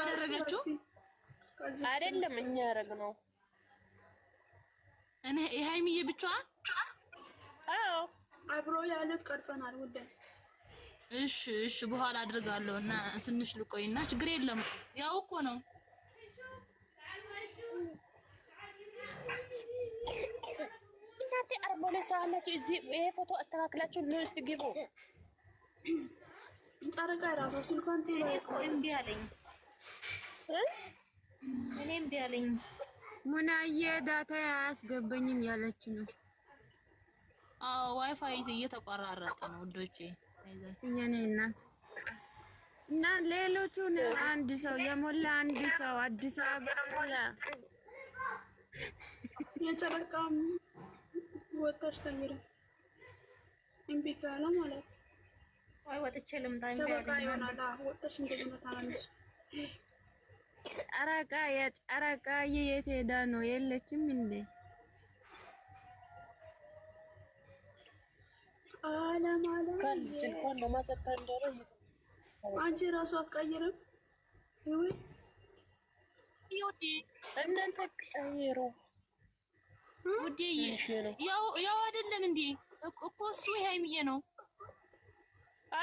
ያደረገችው አይደለም፣ እኛ ያደረግ ነው። እኔ የሀይሚዬ ብቻዋን አዎ፣ አብሮ ያሉት ቀርጸናል። ውደ እሺ፣ እሺ፣ በኋላ አድርጋለሁ እና ትንሽ ልቆይና፣ ችግር የለም። ያው እኮ ነው እናንተ አርቦለ ሰው አላችሁ። እዚህ ይሄ ፎቶ አስተካክላችሁ ነው እስቲ ግቡ ጨረቃ የራሷ ስልኳን እምቢ አለኝ እኔ እምቢ አለኝ። ሙናዬ ዳታ አያስገባኝም ያለች ነው። አዎ ዋይፋይ እየተቆራረጠ ነው ውዶቼ። የኔ እናት እና ሌሎቹን አንድ ሰው የሞላ አንድ ሰው አዲስ አበባ ሞላ የጨረቃም ወጣች ከሚለው እምቢ ካለ ማለት ወይ ወጥቼ ልምዳ ጨረቃ የት ሄዳ ነው? የለችም እንዴ? አለም አንቺ ራሱ አትቀይርም። እናንተ ቀይሩ ውዴ። ያው አይደለም እንዴ እኮ እሱ የሀይሚዬ ነው።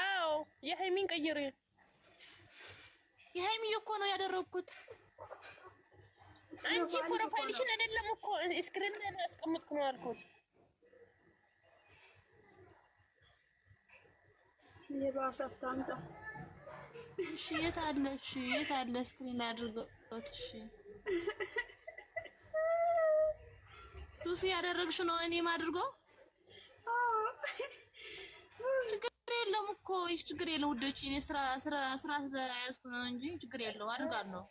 አዎ የሃይሚን ቀይሪ። የሃይሚ እኮ ነው ያደረግኩት። አንቺ ፕሮፋይልሽን አይደለም እኮ ስክሪን ላይ ያስቀምጥኩ ነው አልኩት። የባሰ አታምጣ። እሺ የት አለ? እሺ የት አለ? ስክሪን አድርገውት። እሺ ቱሲ ያደረግሽ ነው እኔም አድርገው የለውም እኮ ይህ ችግር የለው ውዶች፣ እኔ ስራ ስራ ስራ ስለያዝኩ ነው እንጂ ችግር የለው አድርጋለሁ።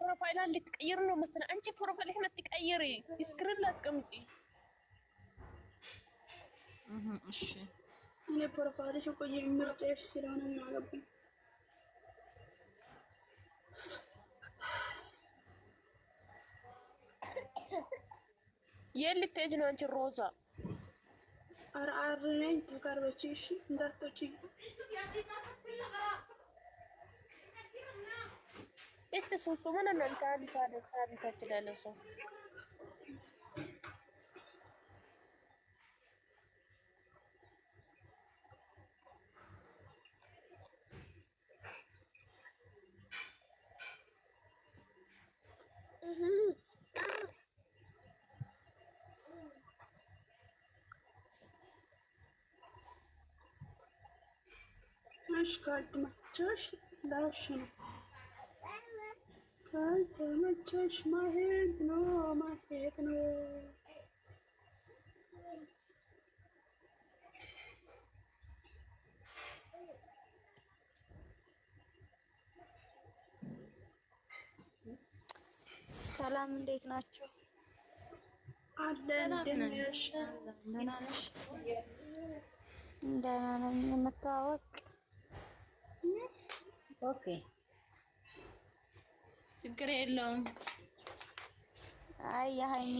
ፕሮፋይል አንድ ትቀይር ነው መሰለኝ። አንቺ ፕሮፋይል ህመት ትቀይሪ ስክሪን ላስቀምጪ። እሺ እኔ ፕሮፋይልሽ እኮ የምርጫሽ ስለሆነ ነው። የት ልትሄጂ ነው አንቺ ሮዛ? ተቃርነኝ ተቃርበች። እሺ እንዳትወጪ። እስቲ ሱሱ ምን ነው Aç kalbime çeşitler şunu. Kalbime çeşme hedno ma hedno. ሰላም እንዴት Adem. አለን ደህና ነሽ? ደህና ነሽ? ኦኬ ችግር የለውም። አይ የሀይሚ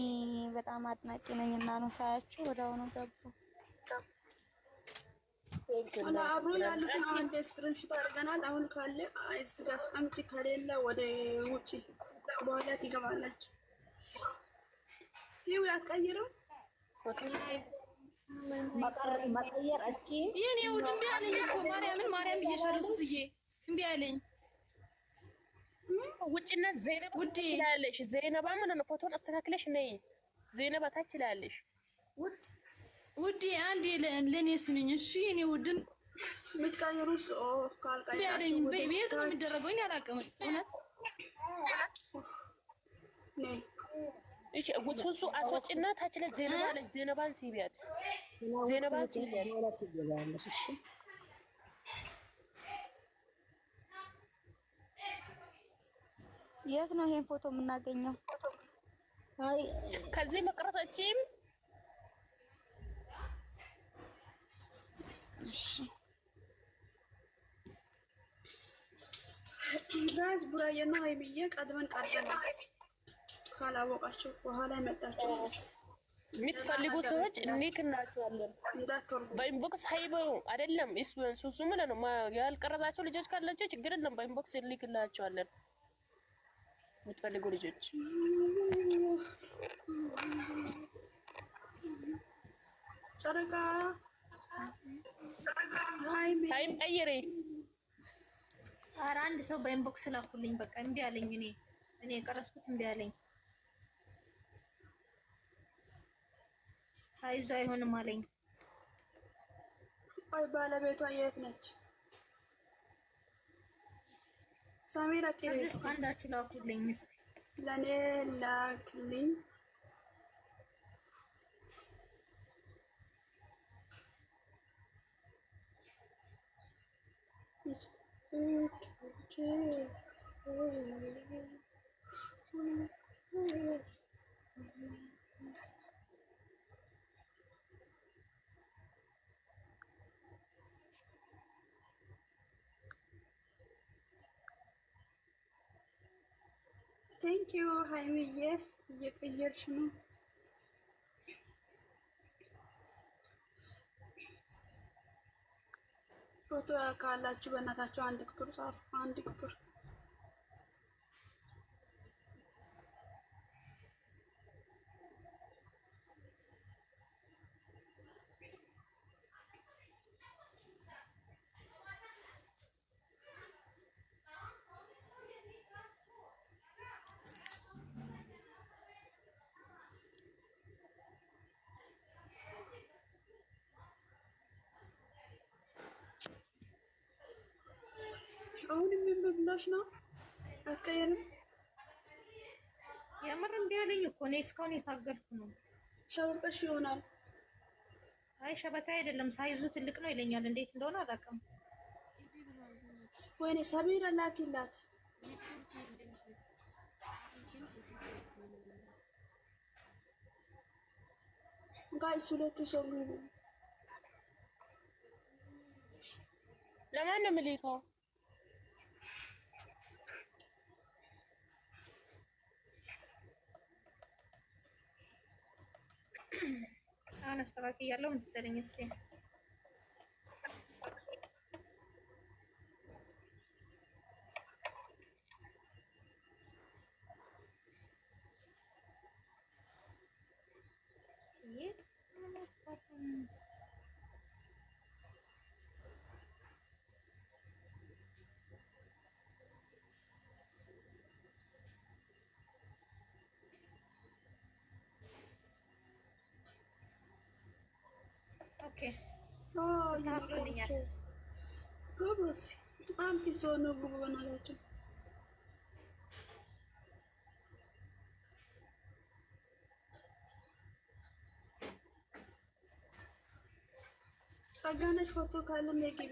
በጣም አድናቂ ነኝ እና ነው ሳያችሁ ወደ አሁኑ ገቡ። አብሮ ያሉትን አንድ ስክሪንሾት አድርገናል። አሁን ካለ ስጋ አስቀምጪ፣ ከሌለ ወደ ውጭ በኋላ ትገባላችሁ። ይው አትቀይርም መቀየር እቺ ይህን የውድንቢ ያለኝ እኮ ማርያምን ማርያም እየሸረሱ ስዬ እምቢ አለኝ። ውጭና ዘይነባ ውዴ ትላለሽ። ዘይነባ ምን ነው ፎቶን አስተካክለሽ ነይ። ዘይነባ ታች ትላለሽ። ውድ ውዴ አንዴ ለኔ ስሚኝ እሺ። እኔ ውድን ምትቀይሩስ ኦ ቤት ነው የሚደረገው። እኔ አላውቅም እውነት ነይ እሺ ሱሱ አስወጭና ታች ለዘይነባ ለዘይነባን ሲቢያት ዘይነባን ሲቢያት የት ነው ይሄን ፎቶ የምናገኘው? አይ ከዚህ መቅረጸችም። እሺ ጋዝ ቡራዬና ሀይሚዬ ቀድመን ቀርጸናል። ካላወቃችሁ በኋላ መጣችሁ የምትፈልጉ ሰዎች እንዴት እናችኋለን። በኢንቦክስ ሀይቦ አይደለም ሱሱ ምን ነው ያልቀረጻቸው ልጆች ካላቸው ችግር የለም። በኢንቦክስ እንልክላቸዋለን። የምትፈልጉ ልጆች ጨረቃ ታይም ቀይሬ ኧረ አንድ ሰው በኢንቦክስ ላኩልኝ። በቃ እምቢ አለኝ። እኔ እኔ የቀረስኩት እምቢ አለኝ። ሳይዙ አይሆንም አለኝ። አይ ባለቤቷ የት ነች? ሳሜራ ቴሬስ አንዳችሁ ላኩልኝ። ስ ለእኔ ላክልኝ። Thank you. ቴንኪዩ ሀይሚዬ፣ እየቀየርሽ ነው። ፎቶ ካላችሁ በእናታችሁ አንድ ቁጥር ጻፉ፣ አንድ ቁጥር ብሎሽ ነው አትቀየርም? የምር እምቢ አለኝ እኮ እኔ እስካሁን የታገልኩ ነው። ሸበጠሽ ይሆናል። አይ ሸበታ አይደለም፣ ሳይዙ ትልቅ ነው ይለኛል። እንዴት እንደሆነ አላውቅም። ወይኔ ሰሚራ ላኪላት። ጋይስ ሁለት ሰው ለማን ነው የምልከው? አስተካክያለሁ መሰለኝ። እስኪ ጎበዝ አዲስ ሰው ነው ግቡ በማላቸው ጸጋነሽ ፎቶ ካለም የግቢ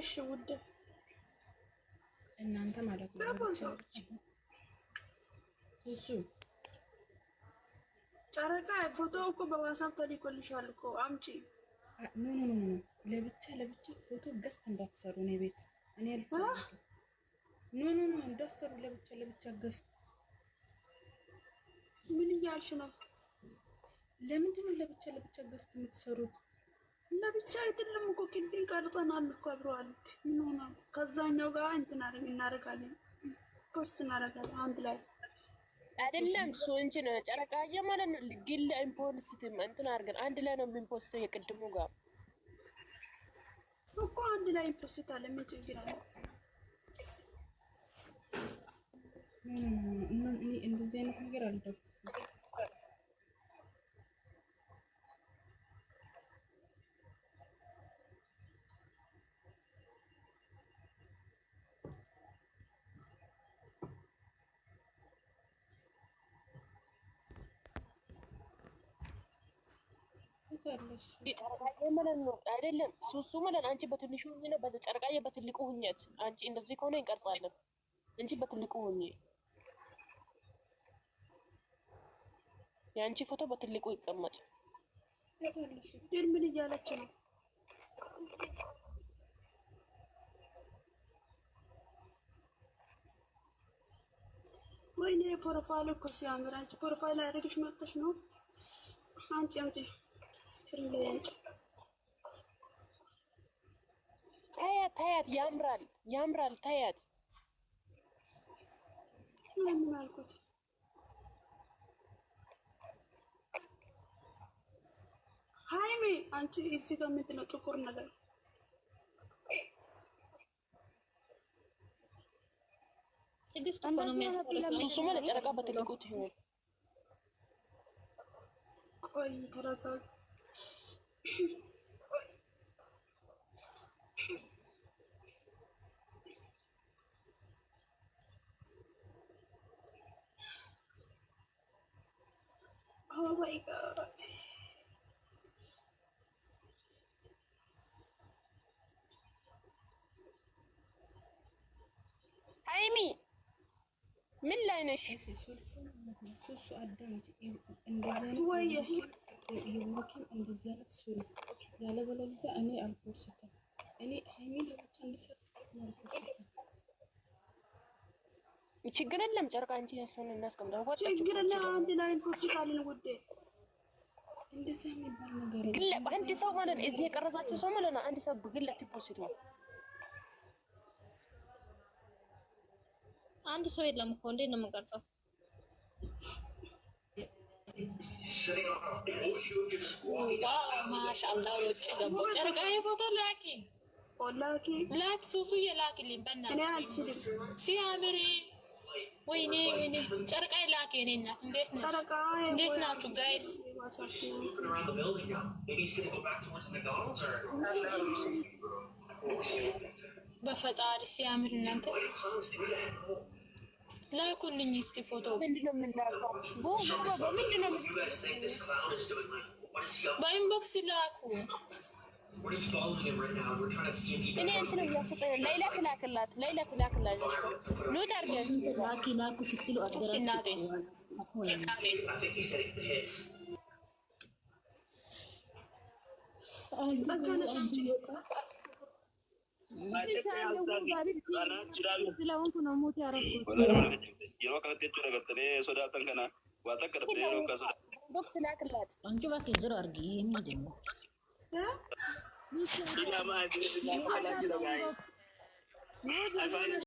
እሺ ውድ እናንተ ማለት ነው እሱ ጨረቃ ፎቶ እኮ በዋትስአፕ ተልኮልሻል እኮ አምጪ። ኖ ኖ ኖ ለብቻ ለብቻ ፎቶ ገስት እንዳትሰሩ ነው ቤት እኔ አልኩ። ኖ ኖ ኖ እንዳትሰሩ ለብቻ ለብቻ ገዝት። ምን እያልሽ ነው? ለምንድን ነው ለብቻ ለብቻ ገስት የምትሰሩት? ለብቻ አይደለም እኮ ቅድም ቀርጸናል እኮ አብረዋል። ምን ሆነ? ከዛኛው ጋር እንትን እናደርጋለን፣ ኮስት እናደርጋለን አንድ ላይ አይደለም። እሱ ነው ጨረቃዬ ማለት ነው። ግል ለኢምፖስት እንትን አድርገን አንድ ላይ ነው የምንፖስተው። የቅድሙ ጋር እኮ አንድ ላይ ኢምፖስት አለ። ምን ችግር አለ? እንደዚህ አይነት ነገር አልደግፍም። ነው አይደለም ሱሱ ማለት አንቺ በትንሹ ሁኚ ነው ጨረቃዬ፣ በትልቁ ሁኘት አንቺ እንደዚህ ከሆነ እንቀርጻለን። አንቺ በትልቁ ሁኚ፣ የአንቺ ፎቶ በትልቁ ይቀመጥ። ግን ምን እያለች ነው? ወይኔ ፕሮፋይል እኮ ሲያምር! አንቺ ፕሮፋይል አድርግሽ መጥተሽ ነው አንቺ ታያት ታያት ያምራል ያምራል ታያት ለምን አልኩት ሀይሚ አንቺ እዚህ ጋር ምንድን ጥቁር ነገር ትግስት ቆይ ተረጋጋ oh my god ላይ ነሽ። የብሩኬን ችግር የለም። ጨርቃ አንቺ እሱን እናስቀምጠው ችግር የለም። አንድ ላይ እንፖስታለን። ውዴ እንደዚህ የሚባል ነገር ግን አንድ ሰው ማለት እዚህ የቀረጻችሁ ሰው ማለት ነው። አንድ ሰው ብግለት ይፖስት ነው አንድ ሰው የለም እኮ እንዴት ነው የምንቀርጸው? በፈጣሪ ሲያምር እናንተ ላኩልኝ እስቲ ፎቶ። በኢንቦክስ ላኩ። እኔ እንትን እያስጠ ሌላ ክላክላት ሌላ ክላክላት ሉድ አርገን ላኩ ስትሉ አገራችሁ ስለሆንኩ ነው።